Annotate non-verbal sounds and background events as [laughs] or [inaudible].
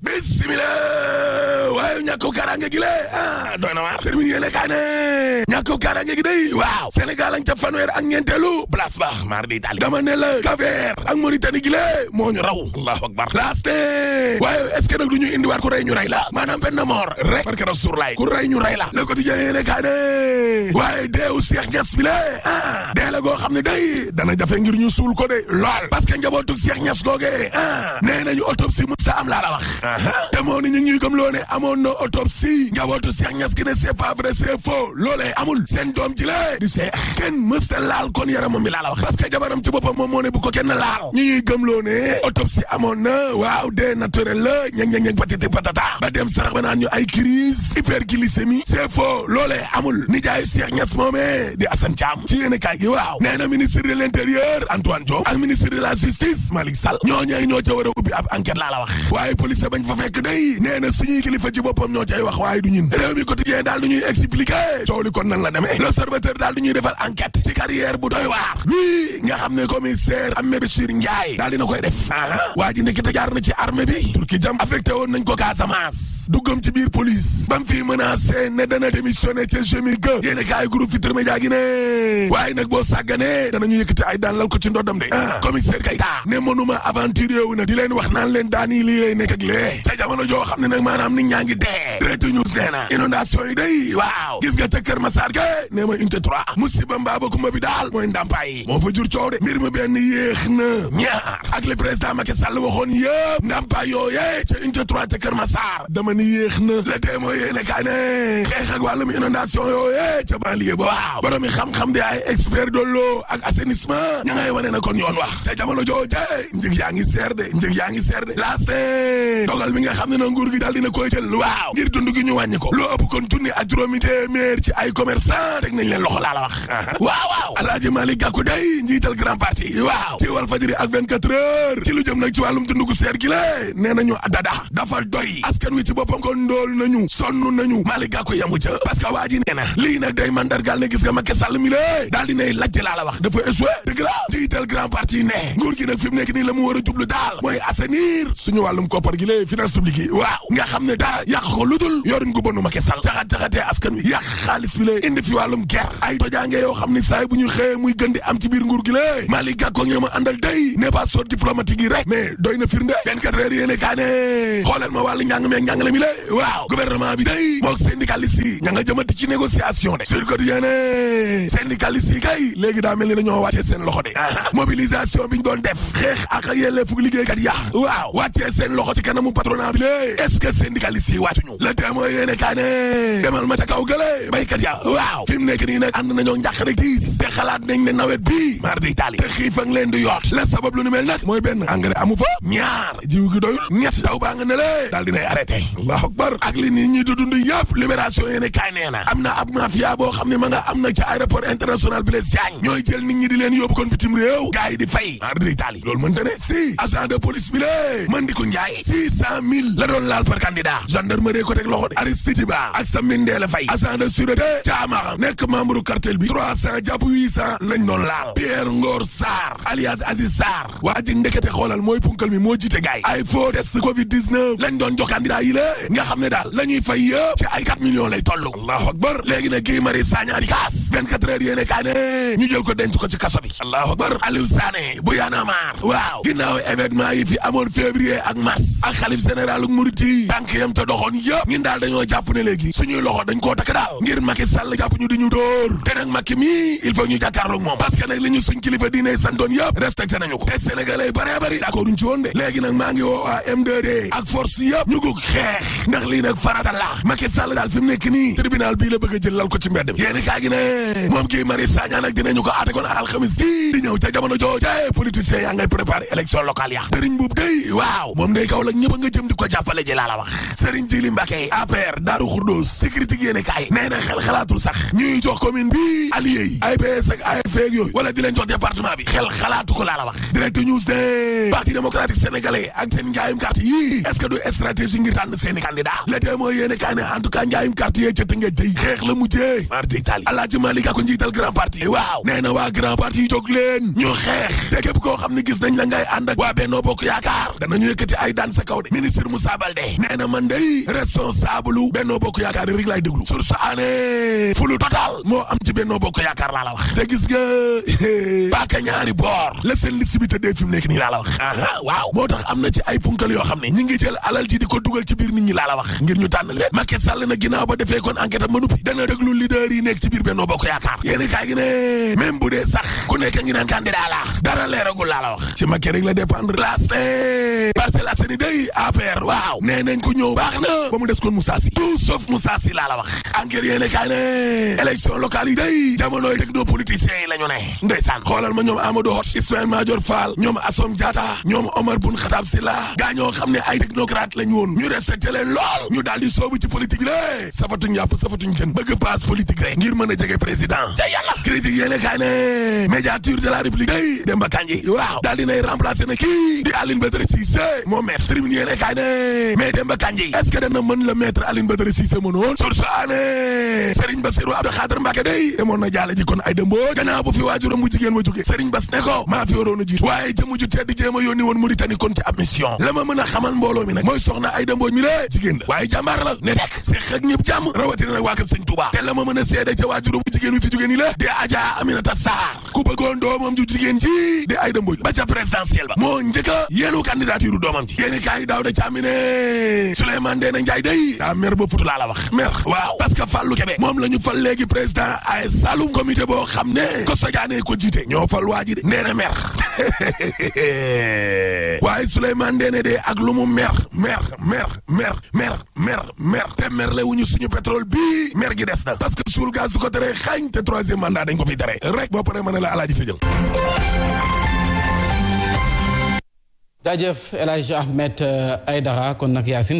bisimila ñàkko kaaraange gi lé ah doy na waar termine yéene kaa ne ñàkko kaaraange gi day waaw Sénégal lañ ca fanweer ak ñeenteelu place ba mar di Italie dama ne ñu raw allahu akbar waaye est nag du ñu indiwaat ku rey ñu rey la maanaam benn mort rek parce que da suur lay ku rey ñu rey la le quotidien yéene kaa ne waaye deew Cheikh Niass bi ah dee goo xam ne day dana jafe ngir ñu suul ko de lool parce que njabootug Cheikh Niass googee ah nee nañu autopsie musta am laa la wax te moo ni ñu ngi comme loo ne autopsie njabootu Cheikh Niass gi ne c'est pas vrai c'est amul seen doom ji la di Cheikh kenn mësta laal kon yaramam bi laa wax parce jabaram ci boppam moom moo ne bu ko kenn laal ñu ñuy gëmloo ne amoon na waaw dee naturel la ñeg ñeg ñeg patati patata ba dem sarax ba naan ñu ay crise hyperglycémie c'est faux loolee amul nijaayu Cheikh Niass moomee di Assane Thiam ci yéen kaay gi waaw nee ministre de l'intérieur Antoine Diome ak ministre de la justice Malick a ubbi ab enquête laa la wax fa ci boppam ñoom ñoo cay wax waaye du ñun réew mi quotidien daal du ñuy expliquer coow li nan la demee l'observateur daal du ñuy defal enquête ci carrière bu doy waar lii nga xam ne commissaire Amé Bachir Ndiaye daal dina koy def ah, waa ji ndekete jaar na ci armée bi turki jam affecté woon nañ ko Casamance duggam ci biir police bam fii menacé ne dana démissionné ca jemi ga yéen a kaay groupe Futurs waaye nag boo sàgganee danañu yëkkati ay daan lal ko ci direct news nee na inondation yi day waaw gis nga ca Kër Massar ke nee ma unité 3 musiba mbaa ba kumba bi mooy ndàmpaay moo fa jur coow mbir ma benn yéex na ñaar ak le président Macky Sall waxoon yëpp ndàmpaay yooyee ca unité 3 ca Kër Massar dama ni na le tee moo yéene xeex ak wàllum inondation yooyee ca banlieue ba waaw borom yi xam-xam di ay expert de ak assainissement ña wane na kon yoon wax ca jamono jooje njëg yaa ngi de njëg yaa nga xam ne na gaaw ngir dund gi ñu wàññi loo ëpp kon junni ak juróomi téeméer ci ay commerçant teg nañ leen loxo laa la wax waaw waaw alaaji Malick Gakou day njiital grand parti waaw ci wal fajiri ak 24 heures ci lu jëm nag ci wàllum dund seer gi lé nee nañu dada dafa doy askan wi ci boppam kon ndool nañu sonn nañu Malick Gakou yamu ca parce que waa ji nee na lii nag day mandargaal ne gis nga Macky Sall mi lé daal dinay lajj laa la wax dafa échoué dëgg la jiital grand parti ne nguur gi nag fi mu nekk nii la mu war a jublu daal mooy assainir suñu wàllum koppar gi lée finance publique yi waaw nga xam ne dara yàq ko dul yorin gu bonu Macky Sall jaxat-jaxatee askan wi yàq xaalis bi lée indi fi wàllum ger ay tojaange yoo xam ne saay bu ñu xëyee muy gën di am ci nguur gi lée Malick Gakou ñoo ma àndal day ne pas sort yi rek mais doy na firnde 24 heures yéene kaa ne xoolal ma wàllu njàng meeg njàngale mi lé waaw gouvernement mobilisation bi ñu doon def xeex ak yelleefu liggéeykat ya waaw wàccee seen loxo ci kanamu patronat bi lée est-ce que syndicalistes yi wàccuñu le témoin demal ma ca kaw gële béykat ya waaw fi mu nekk nii nag na nañoo njàqare gis te xalaat nañ ne nawet bii mardi taali te xiif leen di yoot la sabab lu ni mel nag mooy benn engrais amu fa ñaar jiw gi doyul ñett taw baa nga ne lée daal dinay allahu akbar ak li nit ñi di dund yëpp libération yéene na am na ab réew gars yi di fay en réalité loolu mënta ne si agent de police bi lée mën di ko njaay six cent mille la doon laal par candidat gendarmerie ko teg loxo de Aristide Ba ak Samba Ndéla Faye agent de sûreté caamaaxam nekk membre cartel bi trois cent jàpp huit cent lañ doon laal Pierre Ngor Sarr alias Aziz Sarr waa ji ndekete xoolal mooy punkal mi moo jiite gars ay faux test covid 19 lañ doon jox candidat yi lée nga xam ne daal la ñuy fay yëpp ci ay quatre millions lay toll Aliou Sané bu Y'en a marre waaw ginnaaw événement yi fi amoon février ak mars ak xalif général ak murit yi tànk yam te doxoon yëpp ñun daal dañoo jàpp ne léegi suñuy loxo dañ koo takk daal ngir Macky Sall jàpp ñu di ñu dóor te nag mii il faut ñu jàkkaarloog moom parce que nag li ñu suñ kilifa diine santoon yëpp respecté nañu ko te sénégalais yi bëree bëri de léegi nag maa ngi woo waa m ak force yëpp ñu ko xeex ndax lii nag farata la Macky Sall daal fi mu nekk a jël jamono jooje politiciens yaa ngay préparé élection locale ya Serigne Mboup day waaw moom day kaw la ñëpp nga jëm di ko jàppale ji a la wax Serigne Djili Mbacké a Daaru Xurdoos ci critique yéene kaay nee xel xalaatul sax ñuy jox commune bi allié yi APS ak AFP ak yooyu di leen jox département bi xel xalaatu ko laa la wax direct news de parti démocratique sénégalais ak seen njaayum carte yi est ngir tànn seeni candidat la mujjee mar d' danañu xeex te képp koo xam ne gis nañ la ngay ànd ak waa Benno Bokk Yaakaar danañu yëkkati ay daan sa kaw de ministre Moussa Baldé nee na man day responsable u Benno Bokk Yaakaar yi rek laay déglu sur fulu total moo am ci Benno Bokk Yaakaar laa wax te gis nga baaka [laughs] ñaari boor la seen liste bi tëddee fi mu nekk nii laa wax aha waaw moo tax am na ci ay punkal yoo xam ne ñi ngi jël alal ji di ko dugal ci biir nit ñi laa la wax ngir ñu tànn leen Macky Sall na gi ne même bu dee sax ku nekk ngi bi daa laax dara leeragul laa la wax ci Macky rek la dépendre last Parcelles Assainies day affaire waaw nee nañ ko ñëw baax na ba mu des koon Moussa Sy tout sauf Moussa Sy laa la wax enquête yéene kaay ne élection locale yi day jamonooy technopoliticiens yi la ñu ne ndeysaan xoolal ma ñoom Amadou Hott Ismaïla Madior Fall ñoom Assome Diatta ñoom Omar Boun Khattab Sylla gaa ñoo xam ne ay technocrate lañ woon ñu respecté leen lool ñu daal di soobu ci politique lé safatuñ yàpp safatuñ jën bëgg a république Demba Kandji waaw daal dinay remplacer na kii di Aline Badara Cissé moo maître tribune yéene kaay ne Demba Kandji est dana mën la maître Aline Badara Cissé mënoon source aane Serigne Bassirou Abdou Khadre Mbacké day demoon na wa jóge Serigne Bass ne ko maa fi waroon a jiitu waaye ca mujj tedd jéem a yónni woon Mauritanie kon ci ab la ma a xamal mbooloo mi mooy soxna ay dëmboo mi la jigéen la waaye jàmbaar ne tek seex ak ñëpp jàmm rawatina nag waa kër Serigne Touba te a seede jigéen ji di Aïda Mbodj ba ca présidentielle ba moo njëkka yeenu candidature doomam ji yéeni kaay daaw da caamine Souleymane Ndéné Ndiaye day daa mer ba futu laa la wax mer waaw parce que Fallou Kébé moom la ñu fal léegi président ay Saloum comité boo xam ne ko sojaanee ko jiite ñoo fal waa ji de nee na mer [laughs] waaye Souleymane Ndéné de ak lu mu mer mer mer mer mer mer mer te mer le wuñu suñu pétrole bi mer gi des na parce que suul gaz du ko tere xañ te troisième mandat dañ ko f tere rek boo paree ma ne la alaaji jaajëf El Hadj Ahmed euh, Aidara kon nag Yacine